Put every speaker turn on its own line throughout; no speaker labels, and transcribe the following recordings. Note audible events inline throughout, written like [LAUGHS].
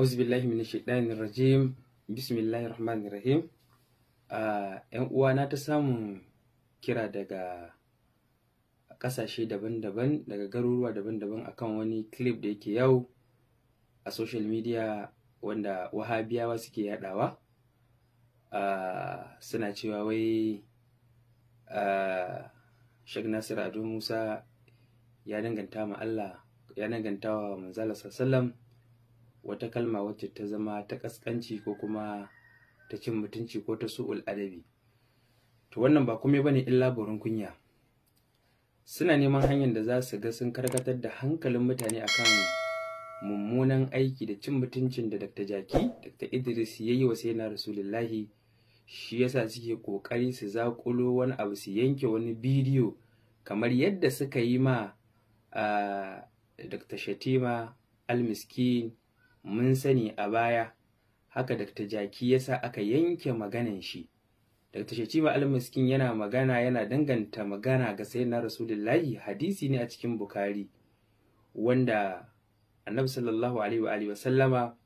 auzu billahi min shaitanir rajim bismillahir rahmanir rahim ah, yan uwana ta samu kira daga ƙasashe daban-daban daga garuruwa daban-daban akan wani clip da yake yau a social media wanda wahabiyawa suke yadawa ah, suna cewa wai ah, shag Nasir Ado Musa ya danganta ma Allah ya danganta wa manzala sallallahu wata kalma wacce ta zama ta kaskanci ko kuma ta cin mutunci ko ta su'ul adabi to wannan ba kome bane illa borin kunya suna neman hanyar da za su ga sun karkatar da hankalin mutane akan mummunan aiki da cin mutuncin da Dr. Jaki Dr. Idris ya yi wa sayyidina Rasulullahi shi yasa suke kokari su zaƙulo wani abu su yanke wani bidiyo kamar yadda suka yi ma ah, Dr. Shatima Al-Miskin mun sani a baya haka Dr. Jaki yasa aka yanke maganan shi Dr. Shatima Al-Miskin yana magana yana danganta magana ga Sayyidina Rasulullahi hadisi ne a cikin Bukhari wanda Annabi sallallahu alaihi wa alihi sallama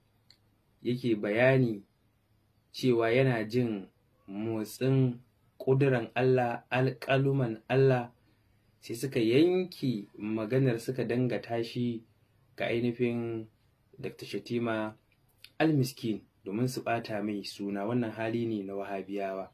yake bayani cewa yana jin motsin ƙuduran Allah alƙaluman Allah sai suka yanki maganar suka danganta shi ga ainihin Dr. Shatima Almiskin domin su ɓata mai suna wannan hali ne na wahabiyawa.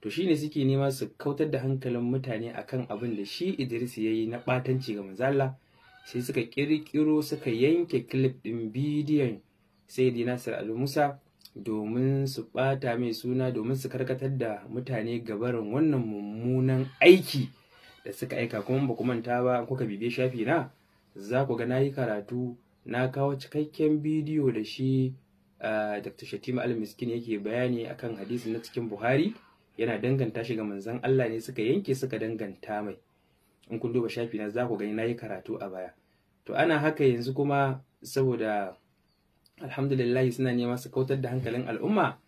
To shi ne suke nema su kautar da hankalin mutane akan abin da shi Idris ya yi na ɓatanci ga manzala sai suka ƙirƙiro suka yanke kilif ɗin bidiyon sai Nasir Al-Musa domin su ɓata mai suna domin su karkatar da mutane gabarin wannan mummunan aiki da suka aika kuma ba kuma ta ba kuka bibiye shafi na za ku ga na yi karatu na kawo cikakken bidiyo da shi Dr. Shatima Al-Miskin yake bayani akan hadisin na cikin Buhari yana danganta shi ga manzon Allah ne suka yanke suka danganta mai in kun duba shafi na za ku gani yi karatu a baya to ana haka yanzu kuma saboda alhamdulillah suna nema su kautar da hankalin al'umma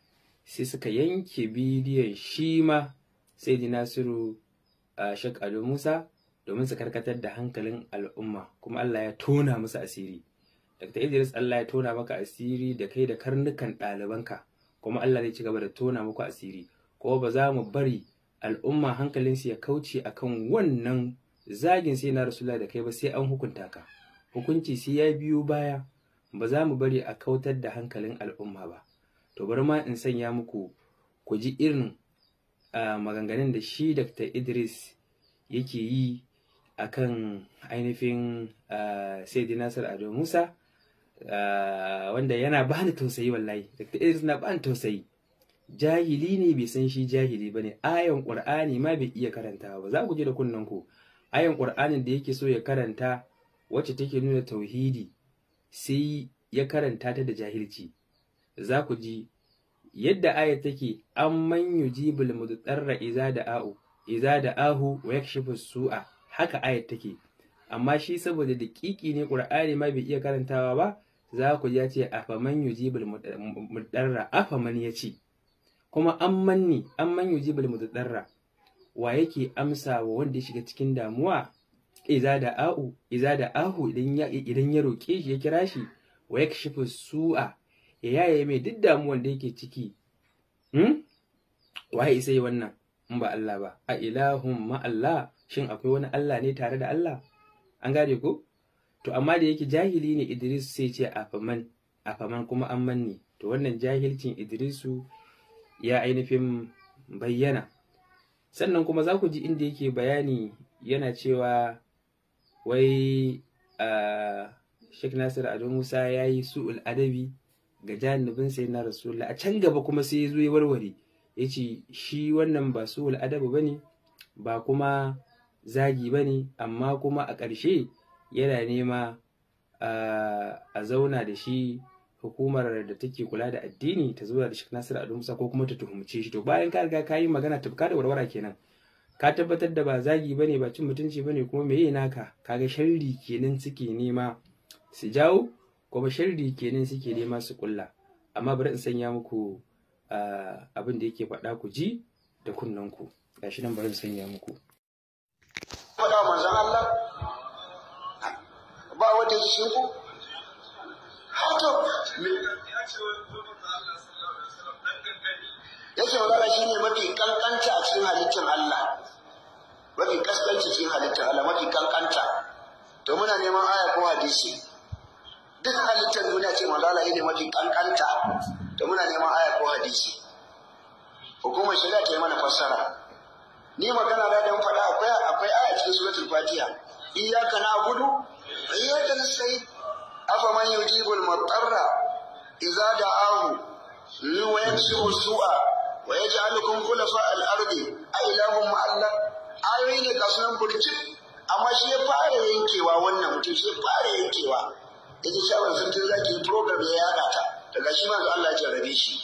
sai suka yanke bidiyon shi ma sai di nasiru a ado musa domin su karkatar da hankalin al'umma kuma allah ya tona musu asiri Dr. Idris Allah ya tona maka asiri da kai da karnukan ɗalibanka kuma Allah zai ci gaba da tona muku asiri kuma ba za mu bari al'umma hankalinsu ya kauce akan wannan zagin sai na rasula da kai ba sai an hukunta ka hukunci sai ya biyo baya ba za mu bari a kautar da hankalin al'umma ba to bari ma in sanya muku ku ji irin maganganun da shi Dr. Idris yake yi akan ainihin Sayyidina Nasir Ado Musa Ah, wanda yana bani tausayi wallahi dakta Idris na bani tausayi jahili ne bai san shi jahili bane ayan Qur'ani ma bai iya karantawa ba za ku ji da kunnen ku ayan Qur'anin da yake so ya karanta wacce take nuna tauhidi sai ya karanta ta da jahilci za ku ji yadda ayar take man yujibul mudarra iza da a'u iza da ahu wa yakshifu su'a haka ayat take amma shi saboda daƙiƙi ne ƙur'ani ma bai iya karantawa ba za ku ya ce a yu yujibul mudarra faman ya ce kuma an an man yu yujibul mudarra wa yake amsa wa wanda ya shiga cikin damuwa iza da a'u iza da ahu idan ya idan ya roke shi ya kira shi wa yakshifu su'a ya yaye mai duk damuwan da yake ciki hmm? waye isa yi wannan in ba Allah ba a ilahun ma Allah shin akwai wani Allah ne tare da Allah an gare ku? to amma da yake jahili ne idris sai ce afaman afaman kuma an manne to wannan jahilcin idrisu ya ainihin bayyana sannan kuma za ku ji inda yake bayani yana cewa wai a Sheikh Nasir Ado Musa ya yi su'ul adabi ga janibin sai na Rasulullah a can gaba kuma sai ya zo ya warware ya ce shi wannan ba su'ul adabi ba ne ba kuma zagi ba ne amma kuma a ƙarshe yana nema a zauna da shi hukumar da take kula da addini ta zuwa da shi, Nasir Ado Musa ko kuma ta tuhumce shi to bayan ka riga ka yi magana tafka da warwara kenan ka tabbatar da ba zagi bane ba cin mutunci bane kuma meye naka kaga sharri kenan suke nema su jawo kuma sharri kenan suke nema su kulla amma bari in sanya muku abin da yake faɗa ku ji da kunnen ku gashi nan bari in sanya muku faɗa manzon
Allah wata shi ku haka me ya
ce magana shi ne mafi kankanta a cikin halittar
Allah mafi kaskanci cikin halittar Allah mafi kankanta to muna neman aya ko hadisi duk halittar duniya ce mazala ne mafi kankanta to muna neman aya ko hadisi hukumar shari'a ta yi mana fassara ni magana da dan faɗa akwai akwai aya cikin suratul fatiha iyyaka na'budu غاية السيد أفمن يجيب المضطر إذا دعاه wa السوء ويجعلكم خلفاء الأرض أإله مع الله ayoyi ne ga sunan burjik amma shi ya fara yankewa wannan mutum shi ya fara yankewa ya ji sun sarki zaki program ya yada ta daga shi manzo Allah ya jarrabe shi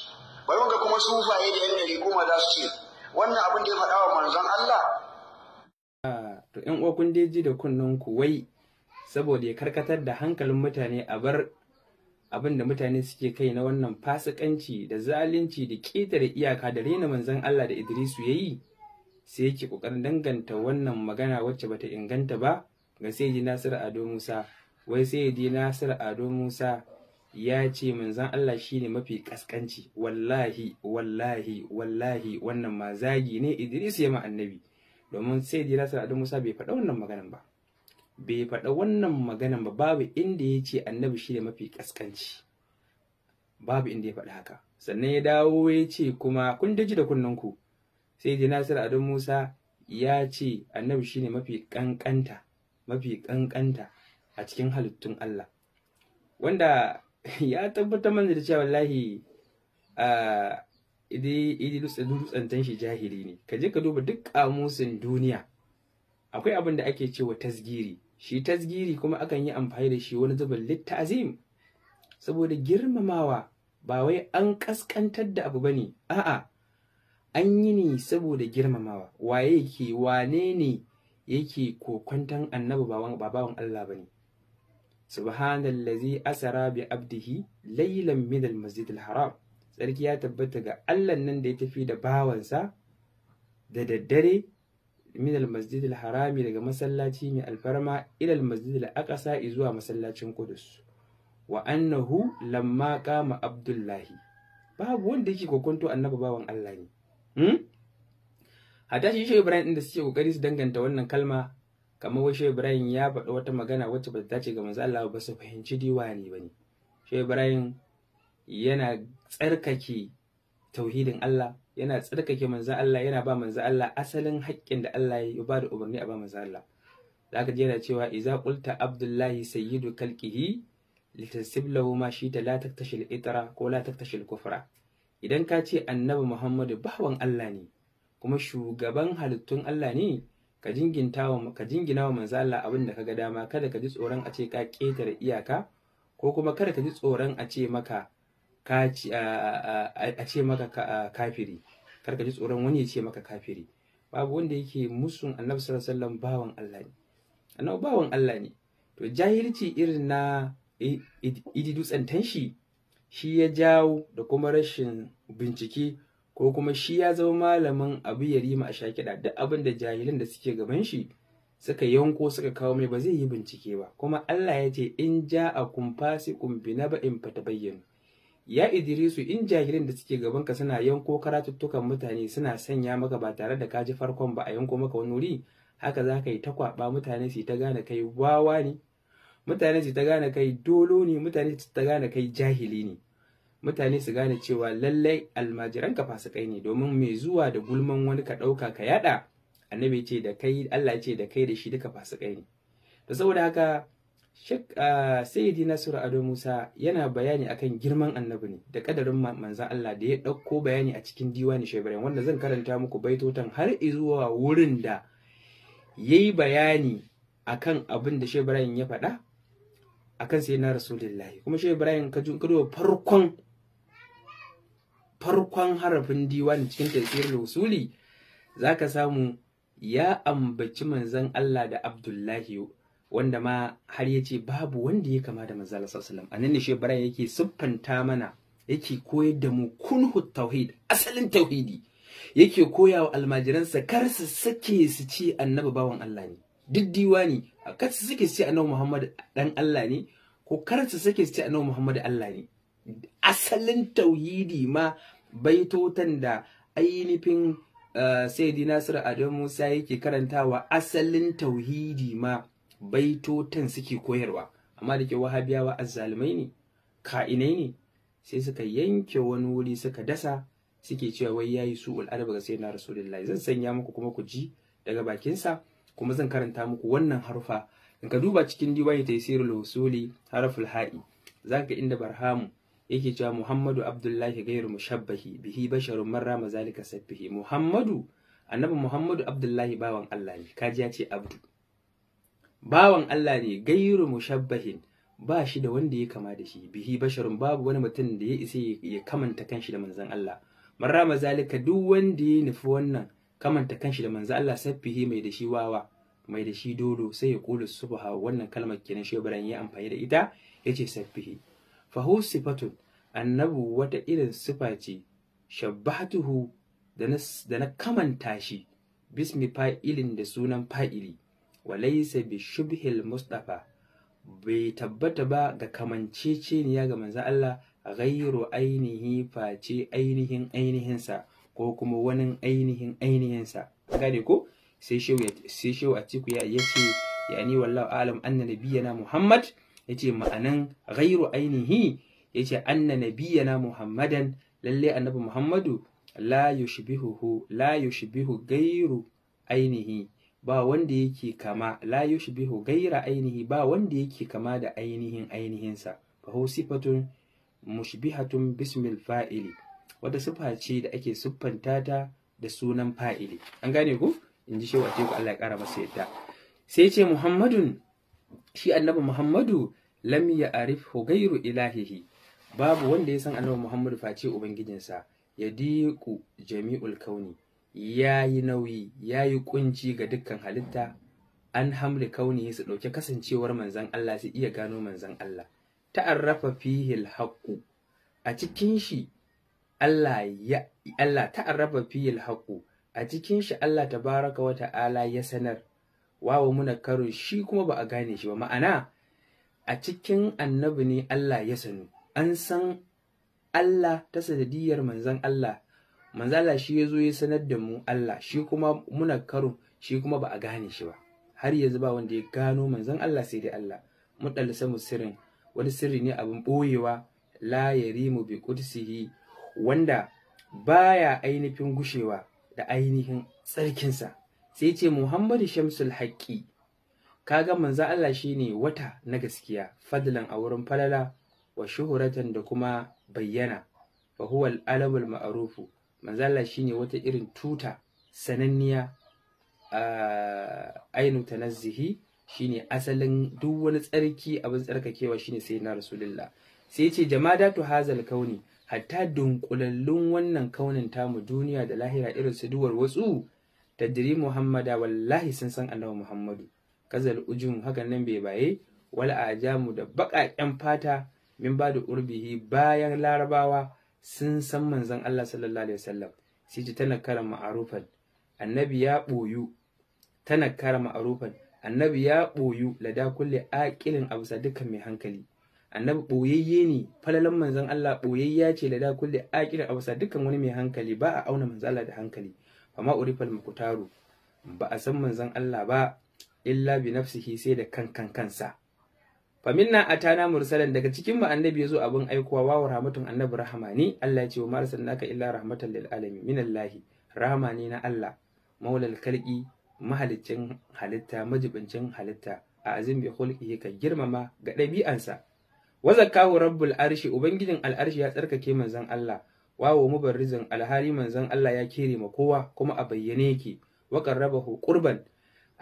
bari ga kuma sufaye da yan gari kuma za su ce wannan abin da ya faɗa wa manzon Allah
ah, to ƴan uwa kun da kunnen ku wai saboda ya karkatar da hankalin mutane a bar abin da mutane suke kai na wannan fasikanci da zalunci da ƙetare iyaka da rena manzon Allah da Idrisu ya yi sai yake ƙoƙarin danganta wannan magana wacce bata inganta ba ga sai Nasir Ado Musa wai sai Nasir Ado Musa ya ce manzan Allah shine mafi kaskanci wallahi wallahi wallahi wannan ma zagi ne Idris ya ma annabi domin sai Nasir Ado Musa bai faɗa wannan maganan ba bai faɗa wannan maganan ba babu inda ya ce annabi shi ne mafi ƙasƙanci babu inda ya faɗa haka sannan ya dawo ya ce kuma kun daji da kunnanku sai da Nasiru adon musa ya ce annabi shi ne mafi ƙanƙanta mafi ƙanƙanta a cikin halittun allah wanda ya tabbata mana da cewa wallahi idan dutsen shi jahili ne ka je ka duba duk ƙamusin duniya akwai abin da ake cewa tasgiri shi tasgiri kuma akan yi amfani da shi wani zubin littazim saboda girmamawa ba wai an kaskantar da abu bane a'a an yi ne saboda girmamawa waye yake wane ne yake kokwantan annabi bawan babawan Allah bane subhanallazi asara bi abdihi laylan min almasjidil haram sarki ya tabbata ga Allah nan da ya tafi da bawansa da daddare min al harami daga masallaci mai alfarma ila al-masjid al zuwa masallacin Qudus wa annahu lamma qama Abdullahi babu wanda yake kokonto annabi bawan Allah ne hmm? hatta shi Ibrahim din da suke kokari su danganta wannan kalma kamar wai Shehu Ibrahim ya faɗa wata magana wacce ba ta dace ga manzo Allah ba su fahimci diwani bane Shehu Ibrahim yana tsarkake tauhidin Allah yana tsarkake manzan Allah yana ba manzan Allah asalin haƙƙin da Allah ya yi ba da umarni a ba manzan Allah ka ji yana cewa 'Iza qulta abdullahi sayyidu Kalkihi litasib lahu ma shi ta la taktashil itra ko la taktashil kufra idan ka ce annabi muhammadu bawan Allah ne kuma shugaban halittun Allah ne ka jingina wa manzan Allah abin da ka ga dama kada ka ji tsoron a ce ka ketare iyaka ko kuma kada ka ji tsoron a ce maka a ce maka kafiri kar ji tsoron wani ya ce maka kafiri babu wanda yake musun annabi sallallahu alaihi wasallam bawan Allah ne annabi bawan Allah ne to jahilci irin na idi dutsen tanshi shi ya jawo da kuma rashin bincike ko kuma shi ya zama malamin abu ya rima a shakiɗa duk abin da jahilin da suke gaban shi suka yanko suka kawo mai ba zai yi bincike ba kuma Allah ya ce in ja'akum a fasi kun bi na in fata bayyana ya idrisu in jahilin da suke gaban ka suna yanko karatuttukan mutane suna sanya maka ba tare da ka ji farkon ba a yanko maka wani wuri haka za ka yi ta kwaba mutane su ta gane kai wawa ne mutane su ta gane kai dolo ne mutane su ta gane kai jahili ne mutane su gane cewa lallai almajiran ka kai ne domin mai zuwa da gulman wani ka ɗauka ka yada annabi ce da kai Allah ce da kai da shi duka kai ne to saboda haka Sheikh ah, Sayyidi Nasiru Ado Musa yana bayani akan girman annabi ne da kadarin manzan Allah da ya ɗauko bayani a cikin diwani shaibarin wanda zan karanta muku baitotan har zuwa wurin da ya yi bayani akan abin da shaibarin ya faɗa kan sai na rasulullahi kuma shaibarin ka duba farkon farkon harafin diwani cikin tafsirin za zaka samu ya ambaci manzan Allah da Abdullahi wanda ma har ya ce babu wanda ya kama da manzala sassalam a nan shi bara yake siffanta mana yake koyar da mu kunhu tauhid asalin tauhidi yake koya wa almajiransa kar su sake su ce annabi bawan Allah ne duk ne kar su suke su ce annabi Muhammad dan Allah ne ko kar su suke su ce annabi Muhammad Allah ne asalin tauhidi ma baitotan da ainihin Uh, eh, sai di Nasiru Adamu Musa yake karantawa asalin tauhidi ma baitotan suke koyarwa amma da ke wahabiyawa azzalumai ne ka'inai ne sai suka yanke wani wuri suka dasa suke cewa wai yayi su'ul ba ga na rasulullahi zan sanya muku kuma ku ji daga bakinsa kuma zan karanta muku wannan harfa in ka duba cikin diwani taysirul husuli haraful ha'i zaka inda barhamu yake cewa muhammadu abdullahi gairu mushabbahi bihi basharun marra mazalika sabbihi muhammadu annabi muhammadu abdullahi bawan allah ne kaji ya ce abdu bawan Allah ne gairu mushabbahin ba shi da wanda ya kama da shi bihi basharun babu wani mutum da ya isa ya kamanta kanshi da manzon Allah marrama zalika duk wanda ya nufi wannan kamanta kanshi da manzon Allah safihi mai da shi wawa mai da shi dodo sai ya kula subha wannan kalmar kenan shi Ibrahim ya amfani da ita yace safihi fa hu sifatun annabu wata irin sifa ce shabbatuhu da na kamanta shi bismi fa'ilin da sunan fa'ili walaisa bi shubhil mustafa bai tabbata ba ga kamanceceniya ga Manzan Allah ghairu ainihi face ainihin ainihinsa ko kuma wani ainihin ainihinsa gane ko sai shehu a ciku ya ce yani wallahu alam anna nabiyyana muhammad yace ma'anan ghairu ainihi yace anna nabiyyana muhammadan lalle annabi muhammadu la yushbihuhu la yushbihu ghairu ainihi ba wanda yake kama la yushbihu gaira ainihi ba wanda yake kama da ainihin ainihinsa fa hu sifatun mushbihatun bismil fa'ili wata sifa ce da ake siffanta ta da sunan fa'ili an gane ku in ji shewa ku Allah ya kara masa yadda sai ce muhammadun shi annabi muhammadu lam ya hu hugairu ilahihi babu wanda ya san annabi muhammadu face ubangijinsa ya jami'ul kauni ya yi nauyi ya yi kunci ga dukkan halitta an hamli kauni su ɗauki kasancewar manzan Allah su iya gano manzan Allah ta'arrafa fihil haqqu a cikin shi Allah ya Allah ta'arrafa fihil haqqu a cikin shi Allah tabaraka wa ta'ala ya sanar wawa muna karo shi kuma ba a gane shi ba ma'ana a cikin annabi ne Allah ya sanu an san Allah ta sadadiyar manzan Allah manzala shi ya zo ya sanar da mu Allah shi kuma muna karo shi kuma ba a gane shi ba har yanzu ba wanda ya gano manzon Allah sai dai Allah mu mu sirrin wani sirri ne abin boyewa la yarimu bi qudsihi wanda baya ainihin gushewa da ainihin tsarkinsa sai ce Muhammadu Shamsul Haqqi kaga manzan Allah shine wata na gaskiya fadlan a wurin falala wa shuhuratan da kuma bayyana fa huwa al-alamul ma'rufu manzala shine wata irin tuta sananniya ah, ainu tanazzihi shine asalin duk wani tsarki abin tsarkakewa shine sai na rasulullah sai ce jama'a ta hazal kauni hatta dunkulallun wannan kaunin tamu duniya da lahira irin su duwar wasu tajiri muhammada wallahi sun san annabi muhammadu kazal ujun hakan nan bai baye wal ajamu da baƙaƙen fata min ba da urbihi bayan larabawa sun san manzon Allah sallallahu alaihi wasallam sai ji tanakkara ma'arufan annabi ya boyu tanakkara ma'arufan annabi ya boyu lada kulli aqilin abusa dukkan mai hankali annabi boyayye ne falalan manzon Allah boyayya ce lada kulli aqilin abusa dukkan wani mai hankali ba a auna manzon Allah da hankali fama urifal mukutaru ba a san manzon Allah ba illa bi nafsihi sai da kan kansa faminna atana mursalan daga cikin mu annabi zo abin aikowa wawa rahmatun annabi rahmani Allah ya ce wa marasan naka illa rahmatan lil alami minallahi rahmani na Allah maulal kalqi mahaliccin halitta majibincin halitta a azim bi khulqihi ka girmama ga ɗabi'ansa wazakahu rabbul arshi ubangijin al'arshi ya tsarkake manzon Allah wawo mubarrizin alhali manzon Allah ya kere ma kowa kuma a bayyane yake wa qarrabahu qurban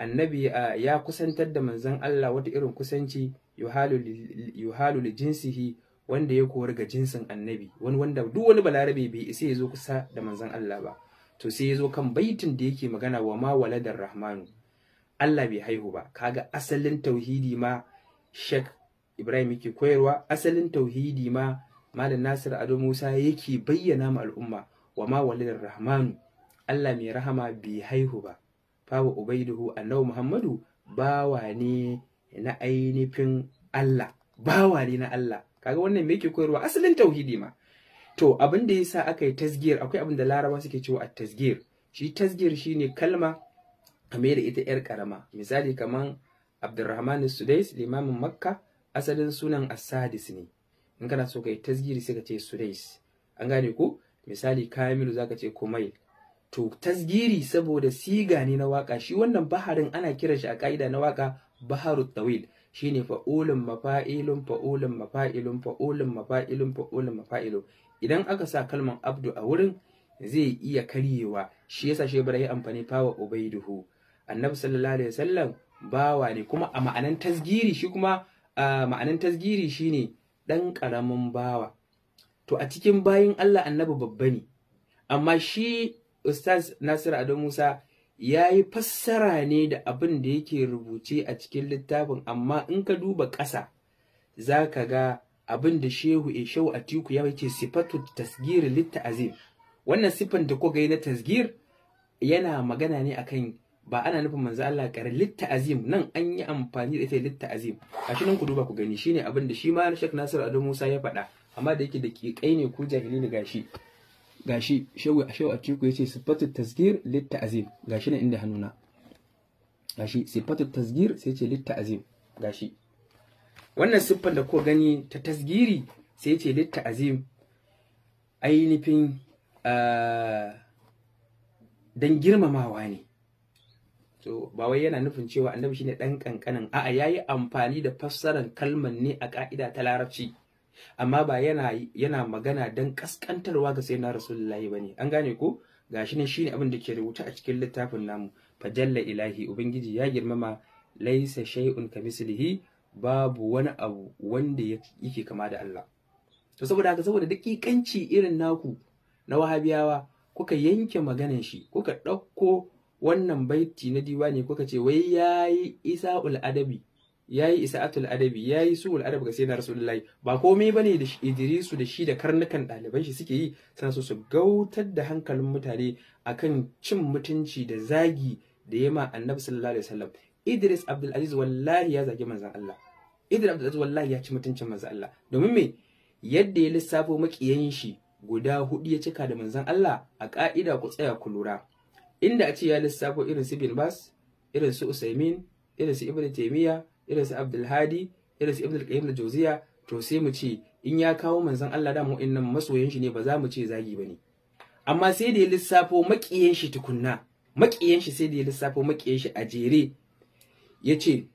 annabi ya kusantar da manzon Allah wata irin kusanci yuhalu li jinsihi wanda ya kori ga jinsin annabi wani wanda duk wani balarabe bai isa ya zo kusa da manzon Allah ba to sai ya zo kan baitin da yake magana wa ma waladar rahmanu Allah bai haihu ba kaga asalin tauhidi ma shek Ibrahim yake koyarwa asalin tauhidi ma Malam Nasir Ado Musa yake bayyana ma al'umma wa ma waladar rahmanu Allah mai rahama bai haihu ba fawa ubaiduhu Allah muhammadu bawa ne na ainihin Allah bawa ne na Allah kaga wannan me yake koyarwa asalin tauhidi ma to abin da yasa aka yi tasgir akwai abin da laraba suke cewa a tasgir shi tasgir shine kalma kamar da ita yar karama misali kaman Abdurrahman Sudais limamin Makka asalin sunan As-Sadis ne in kana so kai tasgiri sai ka ce Sudais an gane ko misali Kamilu zaka ce Kumail to tasgiri saboda siga ne na waka shi wannan baharin ana kiran shi a ka'ida na waka baharu tawil shine fa'ulun mafa'ilun fa'ulun mafa'ilun fa'ulun mafa'ilun fa'ulun mafa'ilun idan aka sa kalman abdu a wurin zai iya karyewa shi yasa shi bara yi amfani fawa ubaiduhu annabi sallallahu alaihi wasallam bawa ne kuma a ma'anan tasgiri shi kuma a ma'anan tasgiri shine dan karamin bawa to a cikin bayin Allah annabi babba ne amma shi Ustaz Nasir Ado Musa ya yi fassara ne da abin da yake rubuce a cikin littafin amma in ka duba ƙasa za ka ga abin da shehu Ishau Atiku ya wace sifatu tasgir litta'azim wannan sifan da kuka yi na tasgir yana magana ne akan ba ana nufin manzo Allah kare litta'azim nan an yi amfani da ita litta'azim a shi nan ku duba ku gani shine abin da shi ma Sheikh Nasir Ado Musa ya faɗa amma da yake da ƙiƙai ne ku jahili ne gashi gashi shehu shehu atiku yace sifatu tasgir lit ta'zim gashi ne inda hannuna gashi sifatu tasgir sai ce lit ta'zim gashi wannan siffar da ko gani ta tasgiri sai ce lit ta'zim ainihin ah, dan girmamawa ne to ba wai yana nufin cewa annabi shine dan kankanin a'a yayi amfani da fassarar kalmar ne a ka'ida ta larabci amma ba yana yana magana dan kaskantarwa ga sayyidina rasulullahi bane an gane ko gashi ne shine abin da ke rubuta a cikin littafin namu fajalla ilahi ubangiji ya girmama laisa shay'un kamislihi babu wani abu wanda yake kama da Allah to saboda haka saboda dakikanci irin naku na wahabiyawa kuka yanke maganan shi kuka ɗauko wannan baiti na diwani kuka ce wai yayi isa'ul adabi yayi isa'atul adabi yi su'ul adab ga sayyidina rasulullahi ba komai ne da Idrisu da shi da karnukan ɗaliban shi suke yi suna so su gautar da hankalin mutane a kan cin mutunci da zagi da yema annabi sallallahu alaihi wasallam Idris Abdul Aziz wallahi ya zagi manzon Allah Idris Abdul Aziz wallahi ya ci mutuncin manzon Allah domin me yadda ya lissafo makiyan shi guda hudu ya cika da manzon Allah a ka'ida ku tsaya ku lura inda a ce ya lissafo irin su Bin Bas irin su Usaimin irin su ibrahim taimiyya. irin su Abdul irin su Ibn qayyim al to sai mu ce in ya kawo manzon Allah da nan masoyin shi ne ba za mu ce zagi ba ne. amma sai da ya lissafo makiyan shi tukunna makiyan shi sai da ya lissafo makiyan shi a jere yace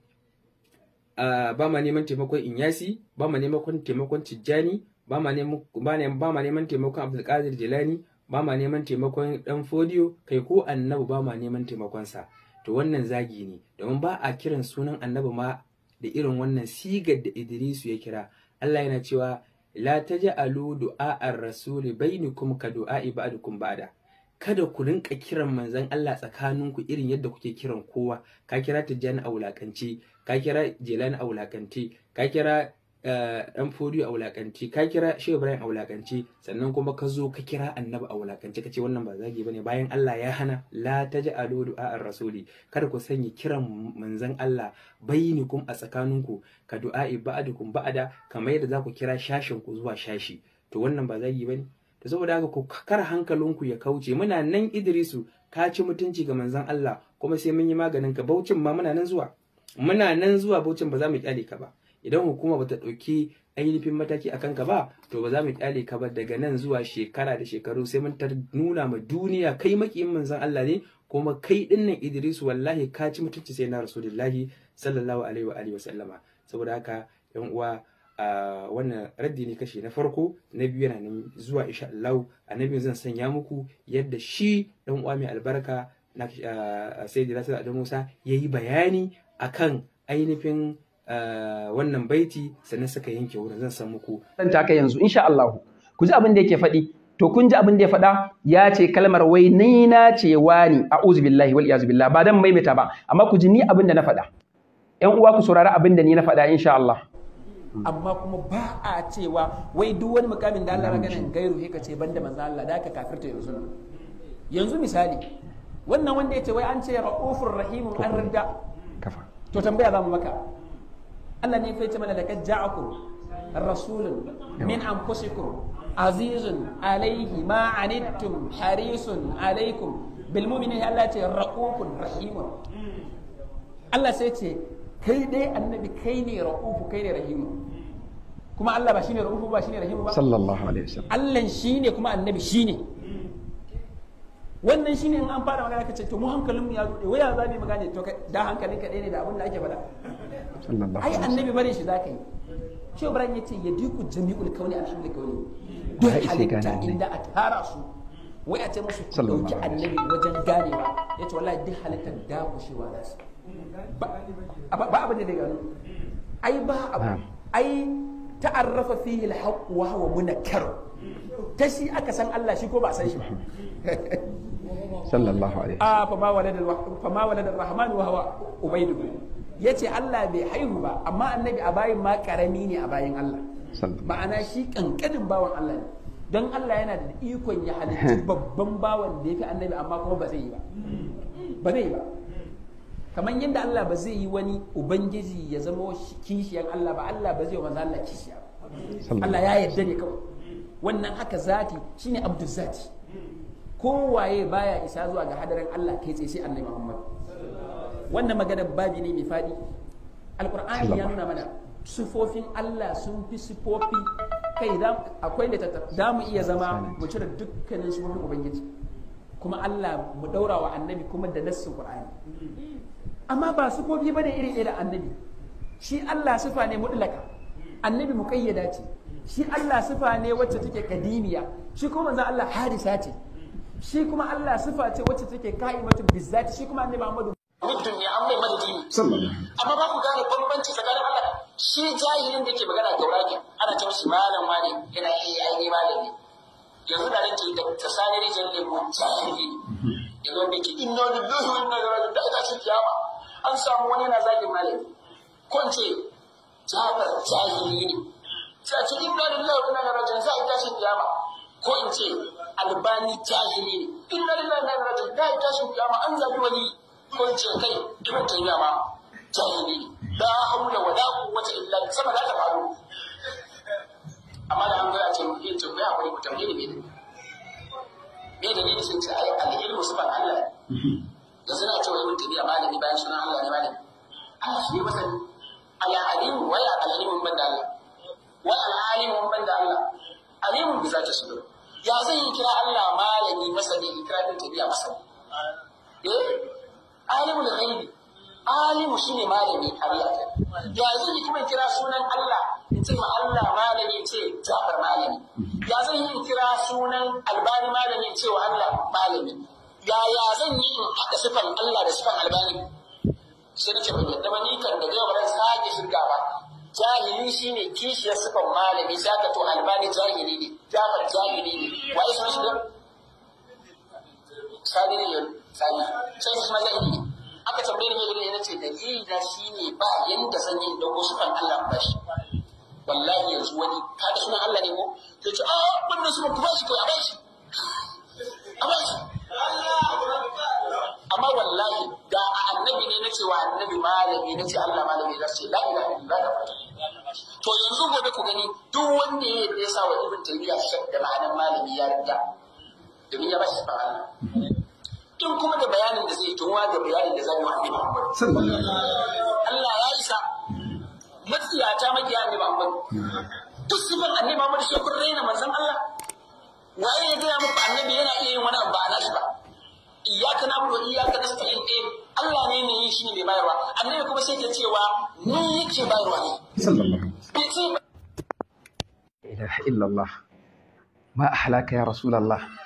ba ma neman taimakon Inyasi ba ma neman taimakon Tijjani ba ma neman taimakon Abdulkadir Jilani ba ma neman taimakon dan fodiyo kai ko annabi ba ma neman taimakonsa to wannan zagi ne domin ba a kiran sunan annabi ma da irin wannan sigar da Idrisu ya kira Allah yana cewa la taj'alu du'a'ar rasuli bainakum ka du'a du'a'i kun ba'da kada ku rinka kiran manzon Allah tsakaninku irin yadda kuke kiran kowa ka kira Tijjani a wulakance ka kira Jilani a wulakance ka kira Ɗan eh, fodiyo a wulaƙanci ka kira shehu ibrahim a wulakanci sannan kuma ka zo ka kira annabi a wulakanci ka ce wannan ba zagi ne bayan Allah ya hana la taj'alu du'a rasuli kada ku sanya kiran manzan Allah kuma a tsakaninku ka du'a'i ba'dukum ba'da kamar yadda za ku kira shashin ku zuwa shashi to wannan ba zagi ne to saboda haka ku kar hankalinku ya kauce muna nan Idrisu ka ci mutunci ga manzan Allah kuma sai mun yi maganin ka baucin ma muna nan zuwa muna nan zuwa baucin ba za mu kyale ka ba idan hukuma bata ɗauki ainihin mataki a kanka ba to ba za mu kyale ka ba daga nan zuwa shekara da shekaru sai mun ta nuna ma duniya kai makiyin manzon Allah ne kuma kai dinnan Idris wallahi ka ci mutunci sai na Rasulullahi sallallahu alaihi wa alihi wasallama. saboda haka yan uwa a wannan raddi ne kashi na farko na biyu yana nan zuwa insha Allah annabi zan sanya muku yadda shi dan uwa mai albarka na sayyidi Rasul Adamu Musa yayi bayani akan ainihin Eh, wannan baiti sannan suka yanke wurin zan san muku zan taka yanzu insha Allah
ku ji abin da yake faɗi to kun ji abin da ya faɗa ya ce kalmar wai ni na ce wani a'udhu billahi wal iyazu billah ba dan maimaita ba amma ku ji ni abin da na faɗa ƴan uwa ku saurari abin da ni na faɗa insha Allah amma kuma ba a cewa wai duk wani mukamin da Allah ganin gairu ka ce banda manzo Allah da ka kafirta yanzu yanzu misali wannan wanda ya ce wai an ce ra'ufur rahimun an ridda to tambaya za mu maka Allah ne fa ce mana laqad ja'akum rasulun min anfusikum azizun alaihi ma harisun alaikum bil mu'minina Allah ce raqubun rahimun Allah sai ce kai dai annabi kai ne raqubu kai ne rahimu kuma Allah ba shi ne raqubu ba shi ne rahimu ba sallallahu alaihi wasallam Allah ne kuma annabi shi ne. wannan shine in an fara magana kace to mu hankalinmu ya rude waya za mu magana to da hankalin ka ne da abin da ake faɗa ai annabi bare shi zaka yi shi ibrahim yace yadiku jami'ul kauni alhamdul kauni duk halitta inda a tara su wai a ce musu ku dauki annabi wajen ganewa yace wallahi duk halittar da kushewa za su
ba
ba abin da dai gano ai ba abu ai ta'arrafa fihi alhaq wa huwa munakkar ta shi aka san Allah shi ko ba san shi ba [LAUGHS] sallallahu alaihi a fama walad fama walad arrahman wa huwa ubayd yace Allah bai haihu ba amma annabi a bayin ma karami ne a bayin Allah ma'ana shi kankanin bawan Allah ne don Allah yana da ikon ya halitta [LAUGHS] babban bawan da ya fi annabi amma kuma ba zai yi ba ba zai yi ba kamar yadda Allah ba zai yi wani ubangiji ya zama kishiyan Allah ba Allah ba zai manzo Allah kishiya Allah ya yarda ne kawai wannan haka zati shine abdul zati kowaye baya isa zuwa ga hadarin Allah kai tsaye sai annabi Muhammad wannan magana babu ne mai fadi alqur'ani ya nuna mana sufofin Allah sun fi sufofi kai akwai da za mu iya zama mu cire dukkanin sufofin ubangiji kuma Allah mu daura wa annabi kuma da nassin qur'ani amma ba sufofi bane irin irin annabi shi Allah sufa ne mudlaka annabi muqayyada ce shi Allah sufa ne wacce take kadimiya shi kuma manzo Allah hadisa ce shi kuma Allah sifa ce wacce take ka'imatun bizzati shi kuma annabi Muhammadu muddin ya amma madadi sallallahu amma ba ku gane bambanci
tsakanin Allah shi jahilin da ke magana tauraki ana ce shi malam wani yana iya ai ne malami yanzu da nake da tsarin jalle mu jahili yanzu da ke inna lillahi wa inna ilaihi raji'un da ita shi kiyama an samu wani yana zagin malami ko in ce jabar jahili ne sai a ce inna lillahi wa inna ilaihi raji'un sai ita shi kiyama ko in ce albani jahili ne inna lillahi wa inna ilaihi raji'un dai tashin kiyama an zabi wani kun ce kai ta yi ma jahili ne la haula wa la quwwata illa billah sama da ta faru amma da an ga a ce mu yi tambaya akwai ku tambaye ne me dalili sun ce ai al-ilmu subhan
Allah yanzu na cewa ibn amma ni bayan sunan Allah ne ne Allah shi masani
ala wala waya alalimun banda Allah wa alalimun banda Allah alimun bi zati sunan ya zan yi kira Allah malami masani ikirarin tabiya masani eh alimul ghaibi alimu ne malami a Allah ya zan yi kuma kira sunan Allah in ce ma Allah malami ce Jafar malami ya zan yi kira sunan Albani malami ce wa Allah malami ya ya zan yi in haɗa sifan Allah da sifan Albani sai ce ban yadda ba ni kan da yau ba zan sake shirka ba jahili ne kishiya sifan malami sai aka to albani jahili ne jafar jahili ne isu shi ne sani ne sani sai su ma jahili aka tambaye ni mai na ce da, dalili na ne, ba yanda zan yi da kan Allah ba shi wallahi yanzu wani ka da sunan Allah ne ko To ce ah, a wannan sunan ku ba shi kai a ba shi a ba shi amma wallahi da annabi ne na cewa annabi malami na ce Allah malami na ce la to yanzu gobe ku gani duk wanda ya yi sa wa ibn taymiya da ma'anar malami ya yarda domin ya bashi fa'ala tun kuma da bayanin da zai tunwa da bayanin da zai wa annabi Allah ya isa matsiyata makiya annabi Muhammad duk sifan annabi Muhammad shi kun raina manzon Allah waye ya gaya muku annabi yana iya yin wani abu ba na shi ba na abu wa iyyaka nasta'in eh Allah ne ne yi shine mai bayarwa annabi kuma sai ke cewa ni yake bayarwa ne sallallahu alaihi wasallam
ilaha illallah ma ahlaka ya rasulullah